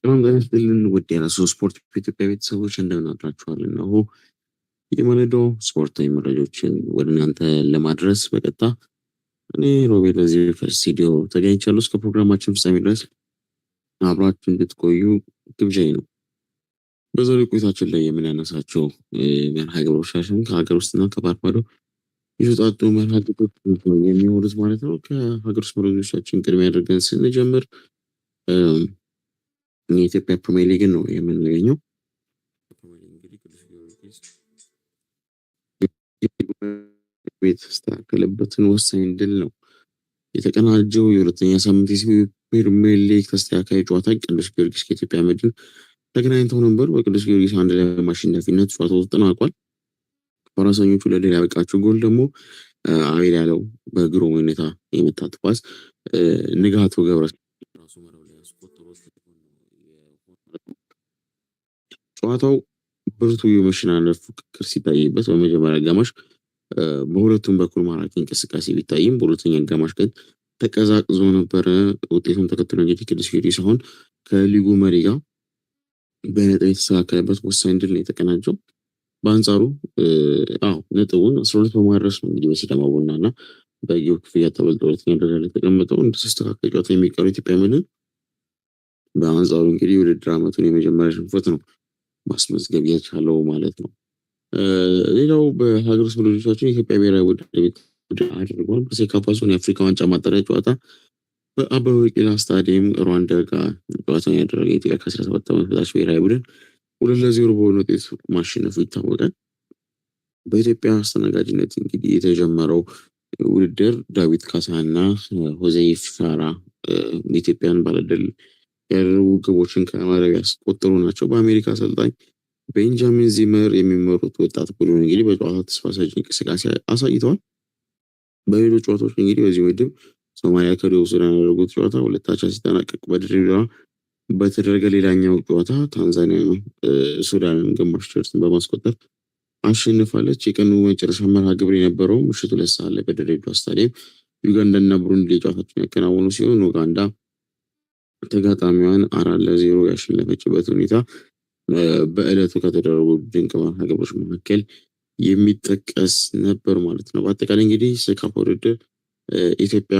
ሰላም ጤና ይስጥልን ውድ የራሱ ስፖርት በኢትዮጵያ ቤተሰቦች እንደምን አድራችኋል? እነሆ የማለዳው ስፖርታዊ መረጃዎችን ወደ እናንተ ለማድረስ በቀጥታ እኔ ሮቤል በዚህ ስቱዲዮ ተገኝቻለሁ። እስከ ፕሮግራማችን ፍጻሜ ድረስ አብራችሁ እንድትቆዩ ግብዣዬ ነው። በዛሬው ቆይታችን ላይ የምናነሳቸው መርሃ ግብሮቻችን ከሀገር ውስጥና ከባህር ማዶ የተውጣጡ መርሃ ግብሮች የሚሆኑት ማለት ነው። ከሀገር ውስጥ መረጃዎቻችን ቅድሚያ አድርገን ስንጀምር የኢትዮጵያ ፕሪሚየር ሊግን ነው የምንገኘው። የተስተካከለበትን ወሳኝ ድል ነው የተቀናጀው። የሁለተኛ ሳምንት ፕሪሚየር ሊግ ተስተካካይ ጨዋታ ቅዱስ ጊዮርጊስ ከኢትዮጵያ መድን ተገናኝተው ነበር። በቅዱስ ጊዮርጊስ አንድ ላይ በማሸነፊነት ጨዋታው ተጠናቋል። ፈረንሳኞቹ ለድል ያበቃቸው ጎል ደግሞ አቤል ያለው በግሮ ሁኔታ የመታት ኳስ ንጋቱ ገብረ ጨዋታው ብርቱ የመሸናነፍ ፉክክር ሲታይበት በመጀመሪያ አጋማሽ በሁለቱም በኩል ማራኪ እንቅስቃሴ ቢታይም በሁለተኛ አጋማሽ ግን ተቀዛቅዞ ነበረ። ውጤቱን ተከትሎ እንግዲህ ቅዱስ ጊዮርጊስ ሲሆን ከሊጉ መሪ ጋር በነጥብ የተስተካከለበት ወሳኝ ድል ነው የተቀናጀው። በአንጻሩ አዎ ነጥቡን አስራ ሁለት በማድረስ ነው እንግዲህ በሲዳማ ቡና እና በየው ክፍያ ተበልጦ ሁለተኛ ደረጃ ላይ ተቀምጠው እንደተስተካከል ጨዋታ የሚቀሩ ኢትዮጵያ መድን በአንጻሩ እንግዲህ ውድድር ዓመቱን የመጀመሪያ ሽንፈት ነው ማስመዝገብ የቻለው ማለት ነው። ሌላው በሀገር ውስጥ ብሎቻችን የኢትዮጵያ ብሔራዊ ቡድን አድርጓል። በሴካፋ ዞን የአፍሪካ ዋንጫ ማጣሪያ ጨዋታ በአበበ ቢቂላ ስታዲየም ሩዋንዳ ጋር ጨዋታውን ያደረገ ኢትዮጵያ ከአስራ ሰባት ዓመት በታች ብሔራዊ ቡድን ሁለት ለዜሮ በሆነ ውጤት ማሸነፉ ይታወቃል። በኢትዮጵያ አስተናጋጅነት እንግዲህ የተጀመረው ውድድር ዳዊት ካሳና ሆዜ ፊፋራ ኢትዮጵያን ባለድል ያደረጉ ግቦችን ከማድረግ ያስቆጠሩ ናቸው። በአሜሪካ አሰልጣኝ ቤንጃሚን ዚመር የሚመሩት ወጣት ቡድን እንግዲህ በጨዋታ ተስፋ ሰጪ እንቅስቃሴ አሳይተዋል። በሌሎች ጨዋታዎች እንግዲህ በዚህ ምድብ ሶማሊያ ከደቡብ ሱዳን ያደረጉት ጨዋታ ሁለታቻ ሲጠናቀቅ በድሬዳዋ በተደረገ ሌላኛው ጨዋታ ታንዛኒያ ሱዳንን ግማሽ ደርሰን በማስቆጠር አሸንፋለች። የቀኑ መጨረሻ መርሃ ግብር የነበረው ምሽቱ ሁለት ሰዓት ላይ በድሬዳዋ ስታዲየም ዩጋንዳና ቡሩንዲ ብሩንዲ ጨዋታቸውን ያከናወኑ ሲሆን ኡጋንዳ ተጋጣሚዋን አራት ለዜሮ ያሸነፈችበት ሁኔታ በእለቱ ከተደረጉ ድንቅ መርሃ ግብሮች መካከል የሚጠቀስ ነበር ማለት ነው። በአጠቃላይ እንግዲህ ሴካፋ ውድድር ኢትዮጵያ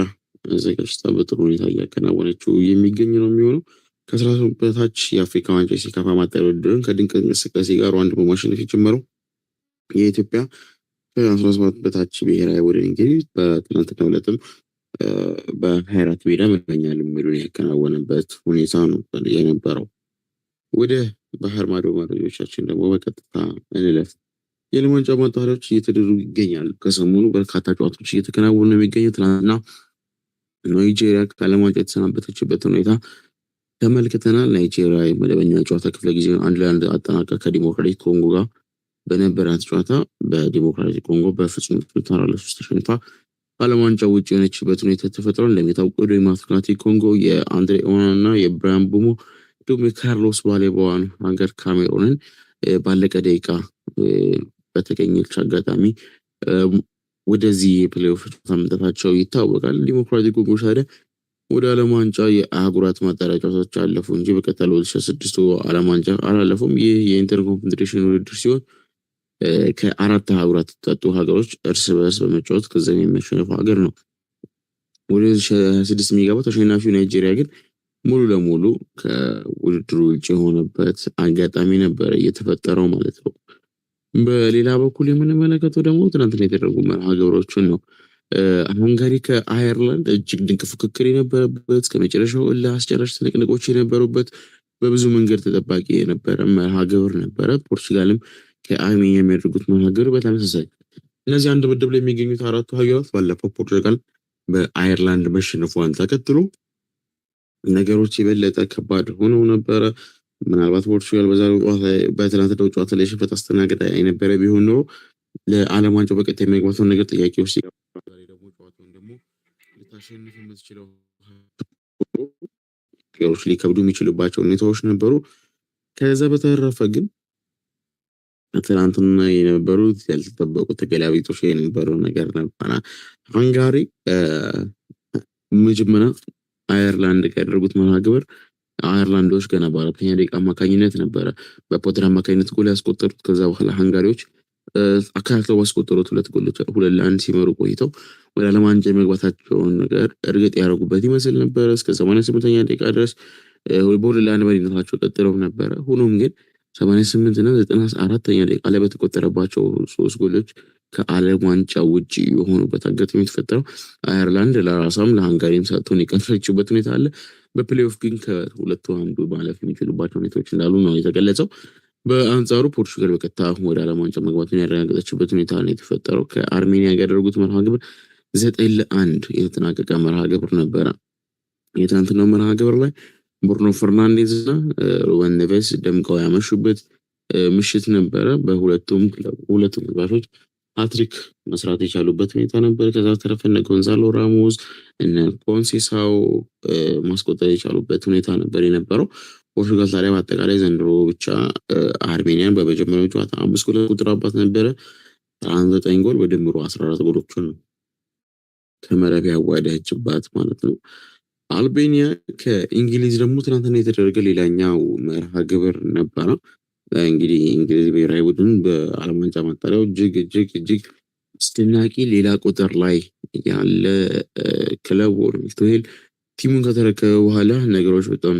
ዘጋጅታ በጥሩ ሁኔታ እያከናወነችው የሚገኝ ነው የሚሆነው ከአስራ ሶስት በታች የአፍሪካ ዋንጫ የሴካፋ ማጣሪያ ውድድርን ከድንቅ እንቅስቃሴ ጋር አንድ በማሸነፍ የጀመረው የኢትዮጵያ ከአስራ ሶስት በታች ብሔራዊ ቡድን እንግዲህ በትናንትናው ዕለትም በሀይራት ሜዳ መገኛል የሚሉን ያከናወነበት ሁኔታ ነው የነበረው። ወደ ባህር ማዶ መረጃዎቻችን ደግሞ በቀጥታ እንለፍ። የዓለም ዋንጫ ማጣሪያዎች እየተደረጉ ይገኛሉ። ከሰሞኑ በርካታ ጨዋታዎች እየተከናወኑ ነው የሚገኘው። ትናንትና ናይጄሪያ ከዓለም ዋንጫ የተሰናበተችበት ሁኔታ ተመልክተናል። ናይጄሪያ መደበኛ ጨዋታ ክፍለ ጊዜ አንድ ለአንድ አጠናቃ ከዲሞክራቲክ ኮንጎ ጋር በነበራት ጨዋታ በዲሞክራቲክ ኮንጎ በፍጹም ቅጣት አራት ለሶስት ተሸንፋ ከዓለም ዋንጫ ውጭ የሆነችበት ሁኔታ ተፈጥሯል። እንደሚታወቀው ዲሞክራቲክ ኮንጎ የአንድሬ ኦና እና የብራያን ቡሞ እንዲሁም የካርሎስ ባሌባዋን ሀገር ካሜሮንን ባለቀ ደቂቃ በተገኘች አጋጣሚ ወደዚህ የፕሌኦፍ ጨዋታ መምጣታቸው ይታወቃል። ዲሞክራቲክ ኮንጎ ታዲያ ወደ ዓለም ዋንጫ የአህጉራት ማጣሪያ ጨዋታዎች አለፉ እንጂ በቀጣይ ለ2026 ዓለም ዋንጫ አላለፉም። ይህ የኢንተር ኮንፌዴሬሽን ውድድር ሲሆን ከአራት አህጉራት የተውጣጡ ሀገሮች እርስ በርስ በመጫወት ከዚያም የሚያሸንፉ ሀገር ነው ወደ 26 የሚገባ ተሸናፊው ናይጄሪያ ግን ሙሉ ለሙሉ ከውድድሩ ውጭ የሆነበት አጋጣሚ ነበረ እየተፈጠረው ማለት ነው። በሌላ በኩል የምንመለከተው ደግሞ ትናንትና የተደረጉ መርሃ ግብሮችን ነው። ሃንጋሪ ከአየርላንድ እጅግ ድንቅ ፉክክር የነበረበት ከመጨረሻው እልህ አስጨራሽ ትንቅንቆች የነበሩበት በብዙ መንገድ ተጠባቂ የነበረ መርሃ ግብር ነበረ። ፖርቹጋልም ከአርሜኒያ የሚያደርጉት መርሃ ግብር በተመሳሳይ እነዚህ አንድ ምድብ ላይ የሚገኙት አራቱ ሀገራት ባለፈው ፖርቱጋል በአየርላንድ መሸነፏን ተከትሎ ነገሮች የበለጠ ከባድ ሆነው ነበረ። ምናልባት ፖርቹጋል በዛሬው በትናንትናው ጨዋታ ላይ ሽንፈት አስተናግዳ የነበረ ቢሆን ኖሮ ለዓለም ዋንጫው በቀጣይ ነገር ጥያቄ ውስጥ ልታሸንፍ የምትችለው ሊከብዱ የሚችልባቸው ሁኔታዎች ነበሩ። ከዛ በተረፈ ግን ትናንትና የነበሩት ያልተጠበቁ ተገላቢጦሽ የነበረው ነገር ነበረ። ሃንጋሪ መጀመሪያ አየርላንድ ያደረጉት መናግበር አየርላንዶች ገና በአራተኛ ደቂቃ አማካኝነት ነበረ በፖተር አማካኝነት ጎል ያስቆጠሩት። ከዛ በኋላ ሃንጋሪዎች አካታትለው ባስቆጠሩት ሁለት ጎሎች ሁለት ለአንድ ሲመሩ ቆይተው ወደ ዓለም ዋንጫ የመግባታቸውን ነገር እርግጥ ያደረጉበት ይመስል ነበረ። እስከ ሰማንያ ስምንተኛ ደቂቃ ድረስ በሁለት ለአንድ መሪነታቸው ቀጥለው ነበረ። ሆኖም ግን ሰማንያ ስምንት እና ዘጠና አራተኛ ደቂቃ ላይ በተቆጠረባቸው ሶስት ጎሎች ከዓለም ዋንጫ ውጭ የሆኑበት አጋጣሚ የተፈጠረው አየርላንድ ለራሷም ለሃንጋሪም ሰጥቶን የቀረችበት ሁኔታ አለ። በፕሌይኦፍ ግን ከሁለቱ አንዱ ማለፍ የሚችሉባቸው ሁኔታዎች እንዳሉ ነው የተገለጸው። በአንጻሩ ፖርቹጋል በቀጥታ አሁን ወደ ዓለም ዋንጫ መግባቱን ያረጋገጠችበት ሁኔታ ነው የተፈጠረው። ከአርሜኒያ ጋር ያደረጉት መርሃ ግብር ዘጠኝ ለአንድ የተጠናቀቀ መርሃ ግብር ነበረ። የትናንትናው መርሃ ግብር ላይ ብሩኖ ፈርናንዴዝ እና ሩበን ኔቬስ ደምቀው ያመሹበት ምሽት ነበረ። በሁለቱም ሁለቱም ግባሾች ሀትሪክ መስራት የቻሉበት ሁኔታ ነበር። ከዛ ተረፈ እነ ጎንዛሎ ራሞስ እነ ኮንሴሳው ማስቆጠር የቻሉበት ሁኔታ ነበር የነበረው። ፖርቱጋል ታዲያ በአጠቃላይ ዘንድሮ ብቻ አርሜኒያን በመጀመሪያው ጨዋታ አምስት ጎል ቁጥራባት ነበረ። አንድ ዘጠኝ ጎል በድምሩ አስራ አራት ነው ከመረብ ያዋደችባት ማለት ነው። አልቤኒያ ከእንግሊዝ ደግሞ ትናንትና የተደረገ ሌላኛው መርሃ ግብር ነበረ። እንግዲህ እንግሊዝ ብሔራዊ ቡድን በዓለም ዋንጫ ማጣሪያው እጅግ እጅግ እጅግ አስደናቂ ሌላ ቁጥር ላይ ያለ ክለብ ቱሄል ቲሙን ከተረከበ በኋላ ነገሮች በጣም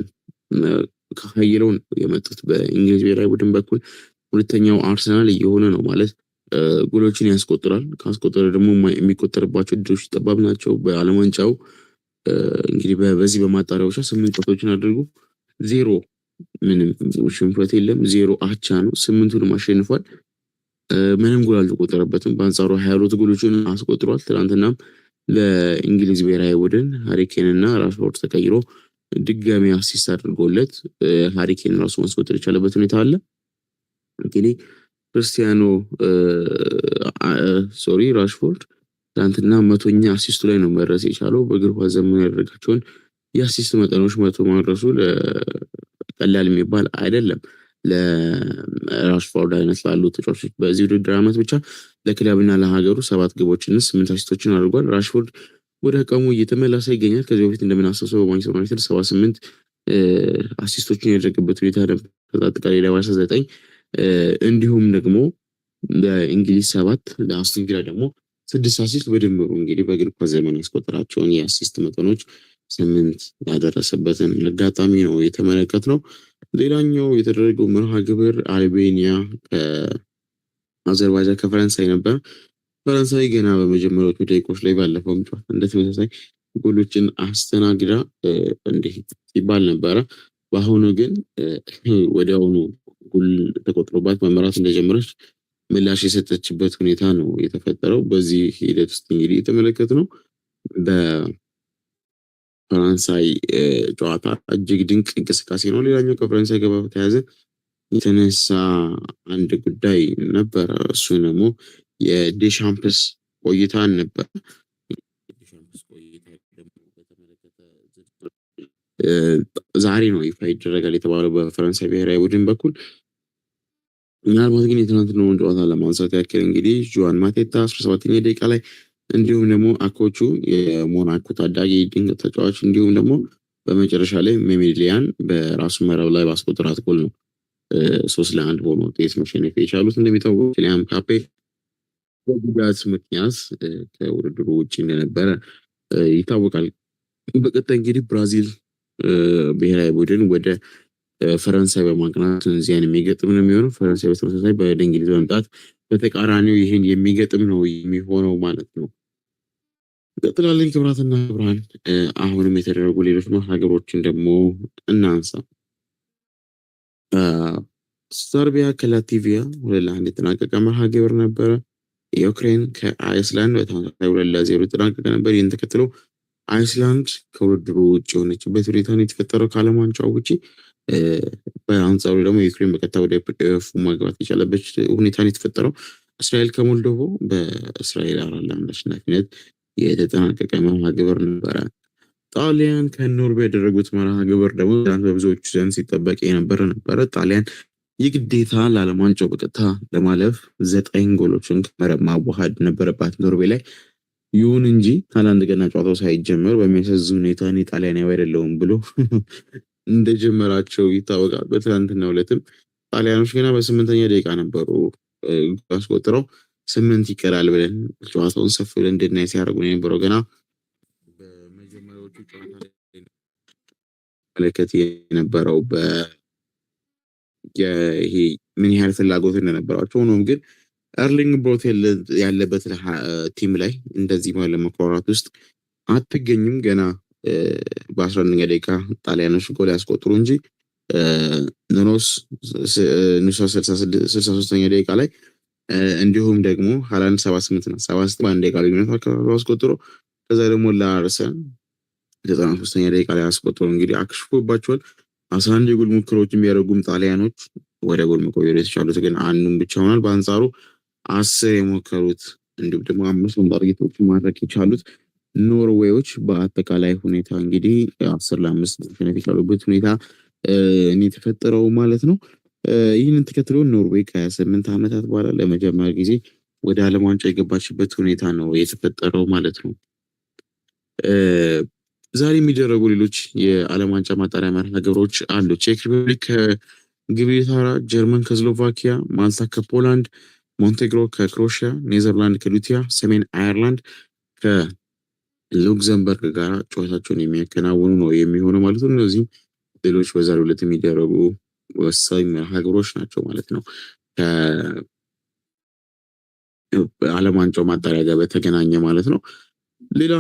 ከሀይለው የመጡት በእንግሊዝ ብሔራዊ ቡድን በኩል ሁለተኛው አርሰናል እየሆነ ነው ማለት ጎሎችን ያስቆጥራል። ካስቆጠረ ደግሞ የሚቆጠርባቸው ድሮች ጠባብ ናቸው። በዓለም ዋንጫው እንግዲህ በዚህ በማጣሪያ ብቻ ስምንት ጨዋታዎችን አድርጎ ዜሮ ምንም ሽንፈት የለም። ዜሮ አቻ ነው። ስምንቱንም አሸንፏል። ምንም ጎል አልተቆጠረበትም። በአንጻሩ ሀያ ሁለት ጎሎችን አስቆጥሯል። ትናንትናም ለእንግሊዝ ብሔራዊ ቡድን ሃሪ ኬን እና ራሽፎርድ ተቀይሮ ድጋሚ አሲስት አድርጎለት ሀሪኬን ራሱ ማስቆጠር የቻለበት ሁኔታ አለ። እንግዲህ ክርስቲያኖ ሶሪ ራሽፎርድ ትናንትና መቶኛ አሲስቱ ላይ ነው መድረስ የቻለው። በእግር ኳስ ዘመን ያደረጋቸውን የአሲስት መጠኖች መቶ ማድረሱ ቀላል የሚባል አይደለም። ለራሽፎርድ አይነት ላሉ ተጫዋቾች በዚህ ውድድር ዓመት ብቻ ለክለብና ለሀገሩ ሰባት ግቦችን ስምንት አሲስቶችን አድርጓል። ራሽፎርድ ወደ አቋሙ እየተመላሰ ይገኛል። ከዚህ በፊት እንደምናሰሰው በማንቸስተር ዩናይትድ ሰባ ስምንት አሲስቶችን ያደረገበት ሁኔታ ነበር፣ አጠቃላይ ለማሳ ዘጠኝ እንዲሁም ደግሞ በእንግሊዝ ሰባት ለአስቶን ቪላ ደግሞ ስድስት አሲስት በድምሩ እንግዲህ በእግር ኳስ ዘመን ያስቆጠራቸውን የአሲስት መጠኖች ስምንት ያደረሰበትን አጋጣሚ ነው የተመለከት ነው። ሌላኛው የተደረገው መርሃ ግብር አልቤኒያ ከአዘርባጃን ከፈረንሳይ ነበር። ፈረንሳይ ገና በመጀመሪያዎቹ ደቂቆች ላይ ባለፈው ጨዋታ እንደ ተመሳሳይ ጎሎችን አስተናግዳ እንዲህ ይባል ነበረ። በአሁኑ ግን ወዲያውኑ ጉል ተቆጥሮባት መመራት እንደጀመረች ምላሽ የሰጠችበት ሁኔታ ነው የተፈጠረው። በዚህ ሂደት ውስጥ እንግዲህ የተመለከት ነው በፈረንሳይ ጨዋታ እጅግ ድንቅ እንቅስቃሴ ነው። ሌላኛው ከፈረንሳይ ገባ በተያያዘ የተነሳ አንድ ጉዳይ ነበረ። እሱ ደግሞ የዴሻምፕስ ቆይታን ነበር። የዴሻምፕስ ቆይታ ደግሞ በተመለከተ ዛሬ ነው ይፋ ይደረጋል የተባለው በፈረንሳይ ብሔራዊ ቡድን በኩል። ምናልባት ግን የትናንትናውን ጨዋታ ለማንሳት ያክል እንግዲህ ጆዋን ማቴታ አስራ ሰባተኛ ደቂቃ ላይ እንዲሁም ደግሞ አኮቹ የሞናኮ ታዳጊ ድንቅ ተጫዋች እንዲሁም ደግሞ በመጨረሻ ላይ ሜሜሊያን በራሱ መረብ ላይ ባስቆጠራት ጎል ነው ሶስት ለአንድ በሆነ ውጤት መሸነፍ የቻሉት። እንደሚታወቁ ሊያም ካፔ በጉዳት ምክንያት ከውድድሩ ውጭ እንደነበረ ይታወቃል። በቀጣይ እንግዲህ ብራዚል ብሔራዊ ቡድን ወደ ፈረንሳይ በማቅናት ቱኒዚያን የሚገጥም ነው የሚሆነው። ፈረንሳይ በተመሳሳይ ወደ እንግሊዝ በመምጣት በተቃራኒው ይህን የሚገጥም ነው የሚሆነው ማለት ነው። ቀጥላለን። ክብራትና ክብራን አሁንም የተደረጉ ሌሎች መርሃግብሮችን ደግሞ እናንሳ። ሰርቢያ ከላቲቪያ ሁለት ለአንድ የተጠናቀቀ መርሃ ግብር ነበረ። የዩክሬን ከአይስላንድ በተመሳሳይ ሁለት ለዜሮ የተጠናቀቀ ነበር። ይህን ተከትሎ አይስላንድ ከውድድሩ ውጭ የሆነችበት ሁኔታ ነው የተፈጠረው ከዓለም ዋንጫው ውጪ፣ በአንጻሩ ደግሞ ዩክሬን በቀጥታ ወደ ፕሌኦፍ መግባት የቻለበት ነው የተፈጠረው እስራኤል ከሞልዶቮ በእስራኤል አራት ለአንድ አሸናፊነት የተጠናቀቀ መርሃ ግብር ነበረ። ጣሊያን ከኖርዌይ ያደረጉት መርሃ ግብር ደግሞ በብዙዎቹ ዘንድ ሲጠበቅ የነበረ ነበረ። ጣሊያን ይህ ለዓለም ዋንጫው በቀጥታ ለማለፍ ዘጠኝ ጎሎችን ከመረብ ማዋሃድ ነበረባት ኖርዌይ ላይ። ይሁን እንጂ ሃላንድ ገና ጨዋታው ሳይጀመር በሚያሳዝ ሁኔታ እኔ ጣሊያናዊ አይደለሁም ብሎ እንደጀመራቸው ይታወቃል። በትናንትናው ሁለትም ጣሊያኖች ገና በስምንተኛ ደቂቃ ነበሩ አስቆጥረው ስምንት ይቀራል ብለን ጨዋታውን ሰፍ ብለን እንድናይ ሲያደርጉ የነበረው ገና በመጀመሪያዎቹ ጨዋታ መለከት የነበረው ይሄ ምን ያህል ፍላጎት እንደነበራቸው ሆኖም ግን ኤርሊንግ ብሮት ያለበት ቲም ላይ እንደዚህ ባለ መኮራት ውስጥ አትገኝም። ገና በአስራ አንደኛ ደቂቃ ጣሊያኖች ጎል ያስቆጥሩ እንጂ ኑኖስ ስልሳ ሶስተኛ ደቂቃ ላይ እንዲሁም ደግሞ ሀላንድ ሰባ ስምንት ና ሰባ ስት በአንድ ደቂቃ ልዩነት አካባቢ አስቆጥሮ ከዛ ደግሞ ለአርሰን ዘጠና ሶስተኛ ደቂቃ ላይ አስቆጥሮ እንግዲህ አክሽፎባቸዋል። አስራ አንድ የጎል ሙከራዎች የሚያደርጉም ጣሊያኖች ወደ ጎል መቆየር የተቻሉት ግን አንዱም ብቻ ሆናል። በአንጻሩ አስር የሞከሩት እንዲሁም ደግሞ አምስት ታርጌቶች ማድረግ የቻሉት ኖርዌዎች በአጠቃላይ ሁኔታ እንግዲህ አስር ለአምስት ማሸነፍ የቻሉበት ሁኔታ እኔ የተፈጠረው ማለት ነው። ይህንን ተከትሎ ኖርዌይ ከሀያ ስምንት ዓመታት በኋላ ለመጀመሪያ ጊዜ ወደ ዓለም ዋንጫ የገባችበት ሁኔታ ነው የተፈጠረው ማለት ነው። ዛሬ የሚደረጉ ሌሎች የዓለም ዋንጫ ማጣሪያ መርሃ ግብሮች አሉ። ቼክ ሪፐብሊክ ከግብታራ፣ ጀርመን ከስሎቫኪያ፣ ማልታ ከፖላንድ፣ ሞንቴግሮ ከክሮሽያ፣ ኔዘርላንድ ከሉቲያ፣ ሰሜን አየርላንድ ከሉክዘምበርግ ጋር ጨዋታቸውን የሚያከናውኑ ነው የሚሆነው ማለት ነው። እነዚህም ሌሎች በዛሬው ዕለት የሚደረጉ ወሳኝ መርሃ ግብሮች ናቸው ማለት ነው። ከዓለም ዋንጫው ማጣሪያ ጋር በተገናኘ ማለት ነው። ሌላ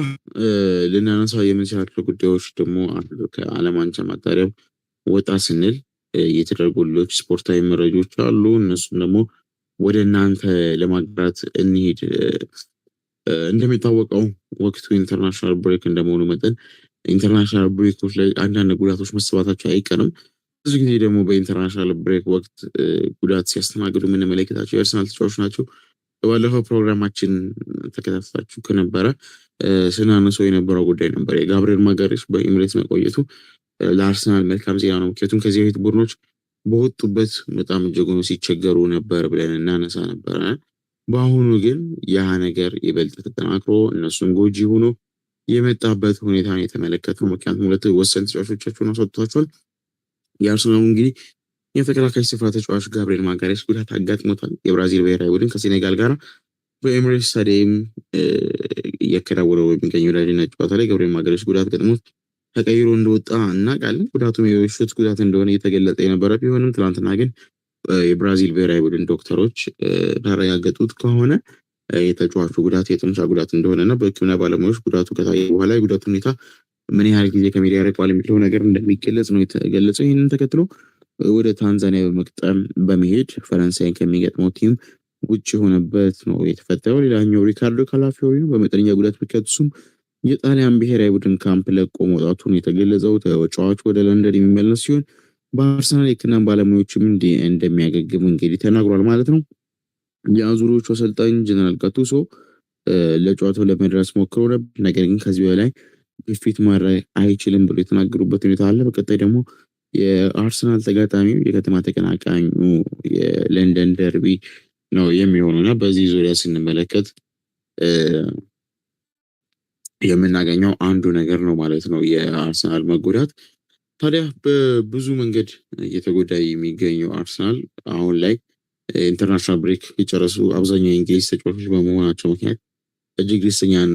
ልናነሳው የምንችላቸው ጉዳዮች ደግሞ አሉ። ከዓለም ዋንጫ ማጣሪያው ወጣ ስንል የተደረጉ ሌሎች ስፖርታዊ መረጃዎች አሉ። እነሱም ደግሞ ወደ እናንተ ለማጋራት እንሄድ። እንደሚታወቀው ወቅቱ ኢንተርናሽናል ብሬክ እንደመሆኑ መጠን ኢንተርናሽናል ብሬኮች ላይ አንዳንድ ጉዳቶች መሰባታቸው አይቀርም። ብዙ ጊዜ ደግሞ በኢንተርናሽናል ብሬክ ወቅት ጉዳት ሲያስተናግዱ የምንመለከታቸው የአርሰናል ተጫዋቾች ናቸው። ባለፈው ፕሮግራማችን ተከታተላችሁ ከነበረ ስናነሰው የነበረው ጉዳይ ነበር። የጋብሪኤል ማጋሬስ በኢምሬት መቆየቱ ለአርሰናል መልካም ዜና ነው። ምክንያቱም ከዚህ በፊት ቡድኖች በወጡበት በጣም እጅጉን ሲቸገሩ ነበር ብለን እናነሳ ነበረ። በአሁኑ ግን ያ ነገር ይበልጥ ተጠናክሮ እነሱም ጎጂ ሆኖ የመጣበት ሁኔታ የተመለከተው ምክንያቱም ሁለት ወሰን ተጫዋቾቻቸውን አስወጥቷቸዋል። የአርሰናሉ እንግዲህ የተከላካይ ስፍራ ተጫዋች ጋብሪኤል ማጋሬስ ጉዳት አጋጥሞታል። የብራዚል ብሔራዊ ቡድን ከሴኔጋል ጋር በኤምሬትስ ስታዲየም እያከናወነው የሚገኘው ወዳጅና ጨዋታ ላይ ገብሬል ማጋሌሽ ጉዳት ገጥሞት ተቀይሮ እንደወጣ እናውቃለን። ጉዳቱም የሹት ጉዳት እንደሆነ እየተገለጠ የነበረ ቢሆንም ትናንትና ግን የብራዚል ብሔራዊ ቡድን ዶክተሮች ታረጋገጡት ከሆነ የተጫዋቹ ጉዳት የጡንቻ ጉዳት እንደሆነ እና በሕክምና ባለሙያዎች ጉዳቱ ከታየ በኋላ የጉዳቱ ሁኔታ ምን ያህል ጊዜ ከሜዳ ያርቀዋል የሚለው ነገር እንደሚገለጽ ነው የተገለጸው። ይህንን ተከትሎ ወደ ታንዛኒያ በመቅጠም በመሄድ ፈረንሳይን ከሚገጥመው ቲም ውጭ የሆነበት ነው የተፈጠረው። ሌላኛው ሪካርዶ ካላፊዮሪ ነው። በመጠነኛ ጉዳት ምክንያት እሱም የጣሊያን ብሔራዊ ቡድን ካምፕ ለቆ መውጣቱን የተገለጸው ተጫዋቹ ወደ ለንደን የሚመለስ ሲሆን በአርሰናል የክና ባለሙያዎችም እንዲ እንደሚያገግም እንግዲህ ተናግሯል ማለት ነው። የአዙሪዎቹ አሰልጣኝ ጀነራል ጋቱሶ ለጨዋታው ለመድረስ ሞክሮ ነበር፣ ነገር ግን ከዚህ በላይ ግፊት ማድረግ አይችልም ብሎ የተናገሩበት ሁኔታ አለ። በቀጣይ ደግሞ የአርሰናል ተጋጣሚው የከተማ ተቀናቃኙ የለንደን ደርቢ ነው የሚሆኑ እና በዚህ ዙሪያ ስንመለከት የምናገኘው አንዱ ነገር ነው ማለት ነው የአርሰናል መጎዳት። ታዲያ በብዙ መንገድ እየተጎዳ የሚገኘው አርሰናል አሁን ላይ ኢንተርናሽናል ብሬክ የጨረሱ አብዛኛው የእንግሊዝ ተጫዋቾች በመሆናቸው ምክንያት እጅግ ደስተኛን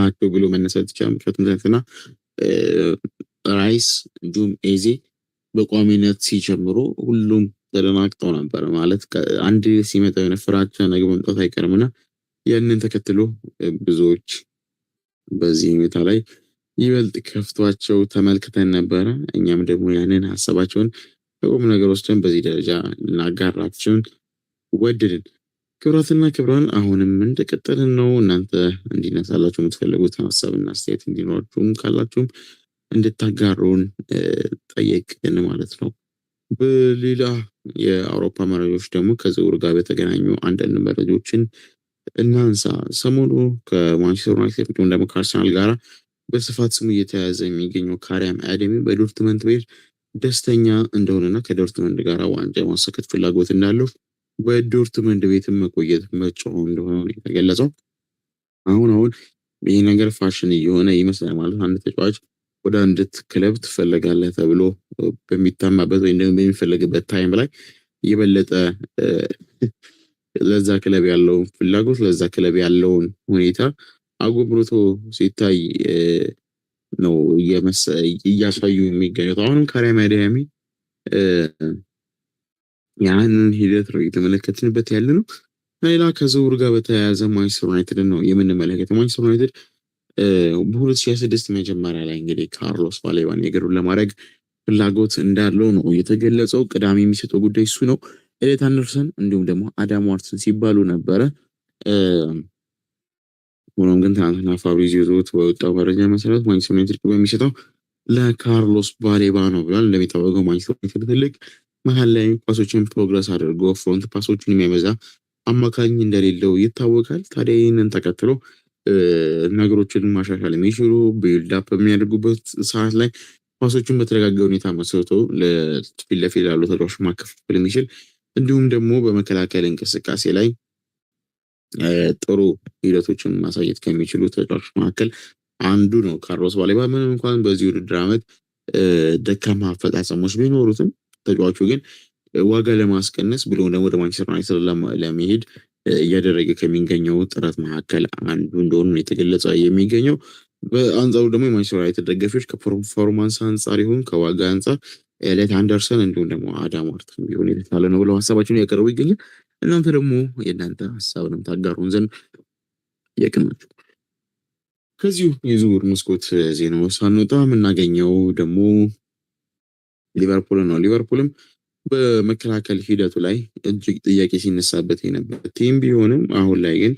ናቸው ብሎ መነሳት ይቻላል። ምክንያቱም ትናንትና ራይስ እንዲሁም ኤዜ በቋሚነት ሲጀምሮ ሁሉም ተደናግጠው ነበር። ማለት አንድ ሲመጣ የሆነ ፍራቻ ነገ መምጣት አይቀርም እና ያንን ተከትሎ ብዙዎች በዚህ ሁኔታ ላይ ይበልጥ ከፍቷቸው ተመልክተን ነበረ። እኛም ደግሞ ያንን ሀሳባቸውን በቁም ነገር ወስደን በዚህ ደረጃ ልናጋራችሁን ወደድን። ክብራትና ክብራን አሁንም እንደቀጠልን ነው። እናንተ እንዲነሳላችሁ የምትፈልጉት ሀሳብና አስተያየት እንዲኖራችሁም ካላችሁም እንድታጋሩን ጠየቅን ማለት ነው። በሌላ የአውሮፓ መረጃዎች ደግሞ ከዝውውር ጋር በተገናኙ አንዳንድ መረጃዎችን እናንሳ። ሰሞኑ ከማንቸስተር ዩናይትድ እንዲሁም ደግሞ ከአርሰናል ጋር በስፋት ስሙ እየተያያዘ የሚገኘው ካሪያም አደሚ በዶርትመንት ቤት ደስተኛ እንደሆነና ከዶርትመንድ ጋር ዋንጫ የማሳካት ፍላጎት እንዳለው በዶርትመንድ ቤት መቆየት መጮሆ እንደሆነ የተገለጸው አሁን አሁን ይህ ነገር ፋሽን እየሆነ ይመስላል። ማለት አንድ ተጫዋች ወደ አንድት ክለብ ትፈለጋለህ ተብሎ በሚታማበት ወይም ደግሞ በሚፈለግበት ታይም ላይ የበለጠ ለዛ ክለብ ያለውን ፍላጎት ለዛ ክለብ ያለውን ሁኔታ አጎብርቶ ሲታይ ነው እያሳዩ የሚገኙት። አሁንም ካሪያ ማዲያሚ ያንን ሂደት ነው እየተመለከትንበት ያለ ነው። ሌላ ከዝውውር ጋር በተያያዘ ማንቸስተር ዩናይትድን ነው የምንመለከተው። ማንቸስተር ዩናይትድ በ2026 መጀመሪያ ላይ እንግዲህ ካርሎስ ባሌባን የግሩን ለማድረግ ፍላጎት እንዳለው ነው የተገለጸው። ቅዳሜ የሚሰጠው ጉዳይ እሱ ነው። ኤሌት አንደርሰን እንዲሁም ደግሞ አዳም ዋርትን ሲባሉ ነበረ። ሆኖም ግን ትናንትና ፋብሪዚዮ ሮማኖ በወጣው መረጃ መሰረት ማንቸስተር ዩናይትድ የሚሰጠው ለካርሎስ ባሌባ ነው ብሏል። እንደሚታወቀው ማንቸስተር ዩናይትድ ትልቅ መሀል ላይ ኳሶችን ፕሮግረስ አድርጎ ፍሮንት ፓሶችን የሚያበዛ አማካኝ እንደሌለው ይታወቃል። ታዲያ ይህንን ተከትሎ ነገሮችን ማሻሻል የሚችሉ ቢልድ በሚያደርጉበት ሰዓት ላይ ኳሶችን በተረጋገ ሁኔታ መስርቶ ፊት ለፊት ላሉ ተጫዋች ማከፋፈል የሚችል እንዲሁም ደግሞ በመከላከል እንቅስቃሴ ላይ ጥሩ ሂደቶችን ማሳየት ከሚችሉ ተጫዋች መካከል አንዱ ነው ካርሎስ ባሌባ። ምንም እንኳን በዚህ ውድድር ዓመት ደካማ አፈጻጸሞች ቢኖሩትም ተጫዋቹ ግን ዋጋ ለማስቀነስ ብሎ ደግሞ ወደ ማንቸስተር ዩናይትድ ለመሄድ እያደረገ ከሚገኘው ጥረት መካከል አንዱ እንደሆኑ የተገለጸ የሚገኘው በአንጻሩ ደግሞ የማንቸስተር ዩናይትድ ደጋፊዎች ከፐርፎርማንስ አንጻር ይሁን ከዋጋ አንጻር ኤሌት አንደርሰን እንዲሁም ደግሞ አዳም ዋርተን ቢሆን የተሻለ ነው ብለው ሀሳባቸውን እያቀረቡ ይገኛል። እናንተ ደግሞ የእናንተ ሀሳብንም ታጋሩን ዘንድ የቅናችሁ ከዚሁ የዝውውር መስኮት ዜናው ሳንወጣ የምናገኘው ደግሞ ሊቨርፑል ነው። ሊቨርፑልም በመከላከል ሂደቱ ላይ እጅግ ጥያቄ ሲነሳበት የነበር ቲም ቢሆንም አሁን ላይ ግን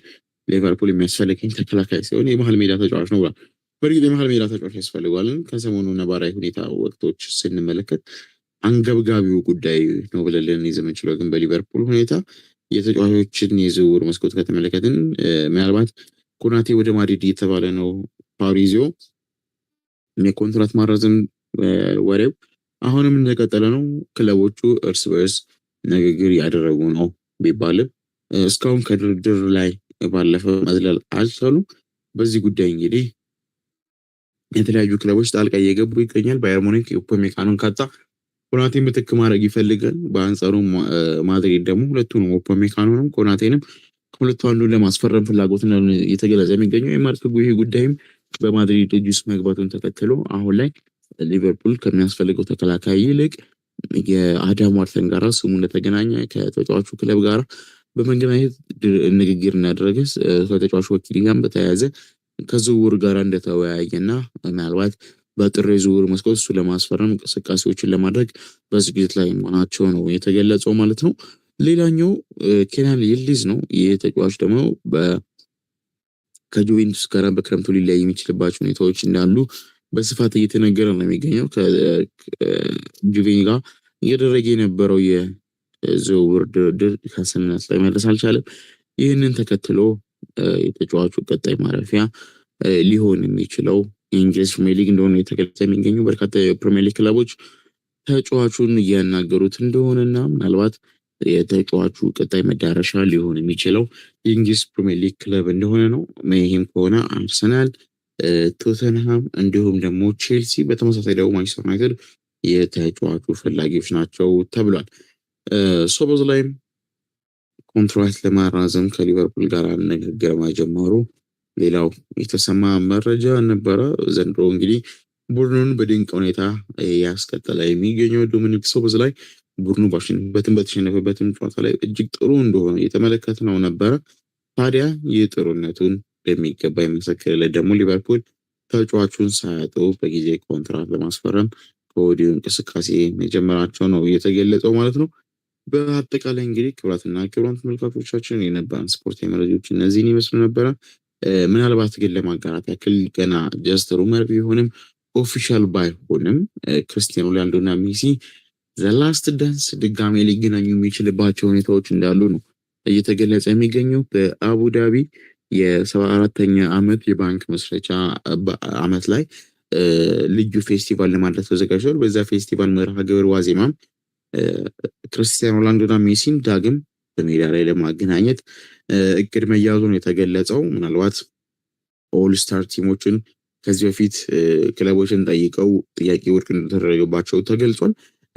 ሊቨርፑል የሚያስፈልገኝ ተከላካይ ሲሆን የመሀል ሜዳ ተጫዋች ነው ብሏል። በእርግጥ የመሀል ሜዳ ተጫዋች ያስፈልገዋልን ከሰሞኑ ነባራዊ ሁኔታ ወቅቶች ስንመለከት አንገብጋቢው ጉዳይ ነው ብለን ልንይዝ የምንችለው ግን በሊቨርፑል ሁኔታ የተጫዋቾችን የዝውውር መስኮት ከተመለከትን ምናልባት ኮናቴ ወደ ማድሪድ እየተባለ ነው። ፓሪዚዮ የኮንትራት ማራዘም ወሬው አሁንም እንደቀጠለ ነው። ክለቦቹ እርስ በርስ ንግግር ያደረጉ ነው ቢባልም እስካሁን ከድርድር ላይ ባለፈ መዝለል አልቻሉ። በዚህ ጉዳይ እንግዲህ የተለያዩ ክለቦች ጣልቃ እየገቡ ይገኛል። ባየር ሙኒክ ኡፓሜካኖን ካጣ ኮናቴን ምትክ ማድረግ ይፈልጋል። በአንጻሩ ማድሪድ ደግሞ ሁለቱንም ኡፓሜካኖንም ኮናቴንም ከሁለቱ አንዱን ለማስፈረም ፍላጎት እየተገለጸ የሚገኘው የማርክ ጉሂ ጉዳይም በማድሪድ እጅ ውስጥ መግባቱን ተከትሎ አሁን ላይ ሊቨርፑል ከሚያስፈልገው ተከላካይ ይልቅ የአዳም ዋርተን ጋራ ስሙ እንደተገናኘ ከተጫዋቹ ክለብ ጋር በመገናኘት ንግግር እንዳደረገ ከተጫዋቹ ወኪል በተያያዘ ከዝውውር ጋር እንደተወያየና ምናልባት በጥር የዝውውር መስኮት እሱ ለማስፈረም እንቅስቃሴዎችን ለማድረግ በዝግጅት ላይ መሆናቸው ነው የተገለጸው ማለት ነው። ሌላኛው ኬንያን ይልዲዝ ነው። ይህ ተጫዋች ደግሞ ከጁቬንቱስ ጋር በክረምቱ ሊለያይ የሚችልባቸው ሁኔታዎች እንዳሉ በስፋት እየተነገረ ነው የሚገኘው። ከጁቬኒ ጋር እየደረገ የነበረው የዝውውር ድርድር ከስምምነት ላይ መድረስ አልቻለም። ይህንን ተከትሎ የተጫዋቹ ቀጣይ ማረፊያ ሊሆን የሚችለው የእንግሊዝ ፕሪሚየር ሊግ እንደሆነ የተገለጸ የሚገኙ በርካታ የፕሪሚየር ሊግ ክለቦች ተጫዋቹን እያናገሩት እንደሆነና ምናልባት የተጫዋቹ ቀጣይ መዳረሻ ሊሆን የሚችለው የእንግሊዝ ፕሪሚየር ሊግ ክለብ እንደሆነ ነው። ይህም ከሆነ አርሰናል ቶተንሃም እንዲሁም ደግሞ ቼልሲ፣ በተመሳሳይ ደግሞ ማንቸስተር ዩናይትድ የተጫዋቹ ፈላጊዎች ናቸው ተብሏል። ሶበዝ ላይም ኮንትራት ለማራዘም ከሊቨርፑል ጋር ንግግር መጀመሩ ሌላው የተሰማ መረጃ ነበረ። ዘንድሮ እንግዲህ ቡድኑን በድንቅ ሁኔታ ያስቀጠለ የሚገኘው ዶሚኒክ ሶበዝ ላይ ቡድኑ በትን በተሸነፈበትም ጨዋታ ላይ እጅግ ጥሩ እንደሆነ ነው ነበረ። ታዲያ የጥሩነቱን በሚገባ የመሰከረለት ደግሞ ሊቨርፑል ተጫዋቹን ሳያጡ በጊዜ ኮንትራት ለማስፈረም ከወዲሁ እንቅስቃሴ መጀመራቸው ነው እየተገለጸው ማለት ነው። በአጠቃላይ እንግዲህ ክብራትና ክብራን ተመልካቾቻችን የነበረን ስፖርት መረጃዎች እነዚህን ይመስሉ ነበረ። ምናልባት ግን ለማጋራት ያክል ገና ጀስት ሩመር ቢሆንም ኦፊሻል ባይሆንም ክርስቲያኖ ሮናልዶና ሜሲ ዘላስት ደንስ ድጋሜ ሊገናኙ የሚችልባቸው ሁኔታዎች እንዳሉ ነው እየተገለጸ የሚገኘው በአቡዳቢ የሰባ አራተኛ ዓመት የባንክ መስረቻ ዓመት ላይ ልዩ ፌስቲቫል ለማድረግ ተዘጋጅቷል። በዛ ፌስቲቫል መርሃ ግብር ዋዜማም ክርስቲያኖ ሮናልዶና ሜሲን ዳግም በሜዳ ላይ ለማገናኘት እቅድ መያዙን የተገለጸው ምናልባት ኦልስታር ቲሞችን ከዚህ በፊት ክለቦችን ጠይቀው ጥያቄ ውድቅ እንደተደረገባቸው ተገልጿል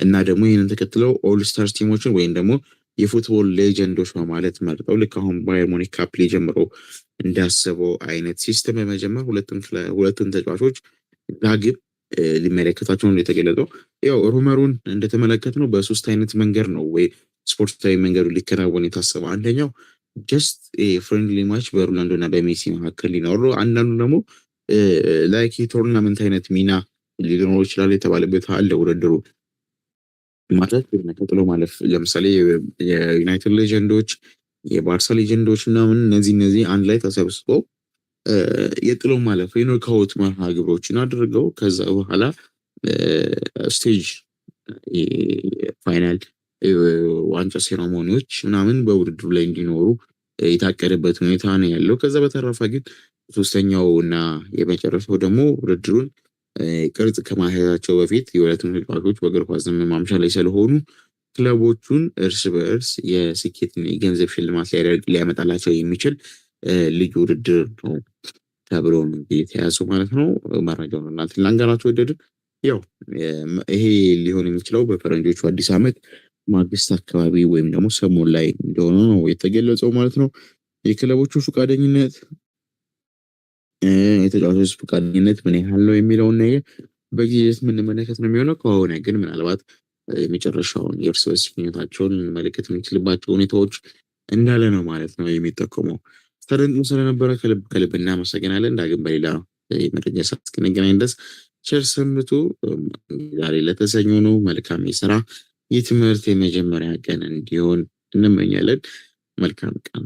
እና ደግሞ ይህንን ተከትለው ኦልስታር ቲሞችን ወይም ደግሞ የፉትቦል ሌጀንዶች በማለት መርጠው ልክ አሁን ባየር ሙኒክ ካፕ ጀምሮ እንዳሰበው አይነት ሲስተም በመጀመር ሁለቱን ተጫዋቾች ዳግብ ሊመለከታቸው ነው የተገለጠው። ያው ሩመሩን እንደተመለከት ነው በሶስት አይነት መንገድ ነው ወይ ስፖርታዊ መንገዱ ሊከናወን የታሰበው። አንደኛው ጀስት ፍሬንድሊ ማች በሮናልዶ እና በሜሲ መካከል ሊኖሩ፣ አንዳንዱ ደግሞ ላይክ የቶርናመንት አይነት ሚና ሊኖሩ ይችላል የተባለበት አለ ውድድሩ ማድረግ ቀጥሎ ማለፍ ለምሳሌ የዩናይትድ ሌጀንዶች የባርሳ ሌጀንዶች ምናምን እነዚህ እነዚህ አንድ ላይ ተሰብስቦ የጥሎ ማለፍ የኖካውት መርሃ ግብሮችን አድርገው ከዛ በኋላ ስቴጅ ፋይናል ዋንጫ ሴራሞኒዎች ምናምን በውድድሩ ላይ እንዲኖሩ የታቀደበት ሁኔታ ነው ያለው። ከዛ በተረፈ ግን ሶስተኛው እና የመጨረሻው ደግሞ ውድድሩን ቅርጽ ከማሳየታቸው በፊት የሁለቱም ተጫዋቾች በእግር ኳስ ዘመን ማምሻ ላይ ስለሆኑ ክለቦቹን እርስ በእርስ የስኬት የገንዘብ ሽልማት ሊያደርግ ሊያመጣላቸው የሚችል ልዩ ውድድር ነው ተብሎ የተያዙ ማለት ነው። መረጃውን እናንተ ላንገራችሁ ወደድን። ያው ይሄ ሊሆን የሚችለው በፈረንጆቹ አዲስ ዓመት ማግስት አካባቢ ወይም ደግሞ ሰሞን ላይ እንደሆነ ነው የተገለጸው ማለት ነው። የክለቦቹ ፈቃደኝነት የተጫዋቾች ፈቃደኝነት ምን ያህል ነው የሚለውን ነገር በጊዜ የምንመለከት ነው የሚሆነው። ከሆነ ግን ምናልባት የመጨረሻውን የእርስ በርስ ሽኝታቸውን ልንመለከት የምንችልባቸው ሁኔታዎች እንዳለ ነው ማለት ነው የሚጠቆመው። ተደንጥሞ ስለነበረ ከልብ ከልብ እናመሰግናለን። ዳግም በሌላ መረጃ ሰዓት እስክንገናኝ ድረስ ቸር ሰንብቱ። ዛሬ ለተሰኞ ነው። መልካም የስራ የትምህርት የመጀመሪያ ቀን እንዲሆን እንመኛለን። መልካም ቀን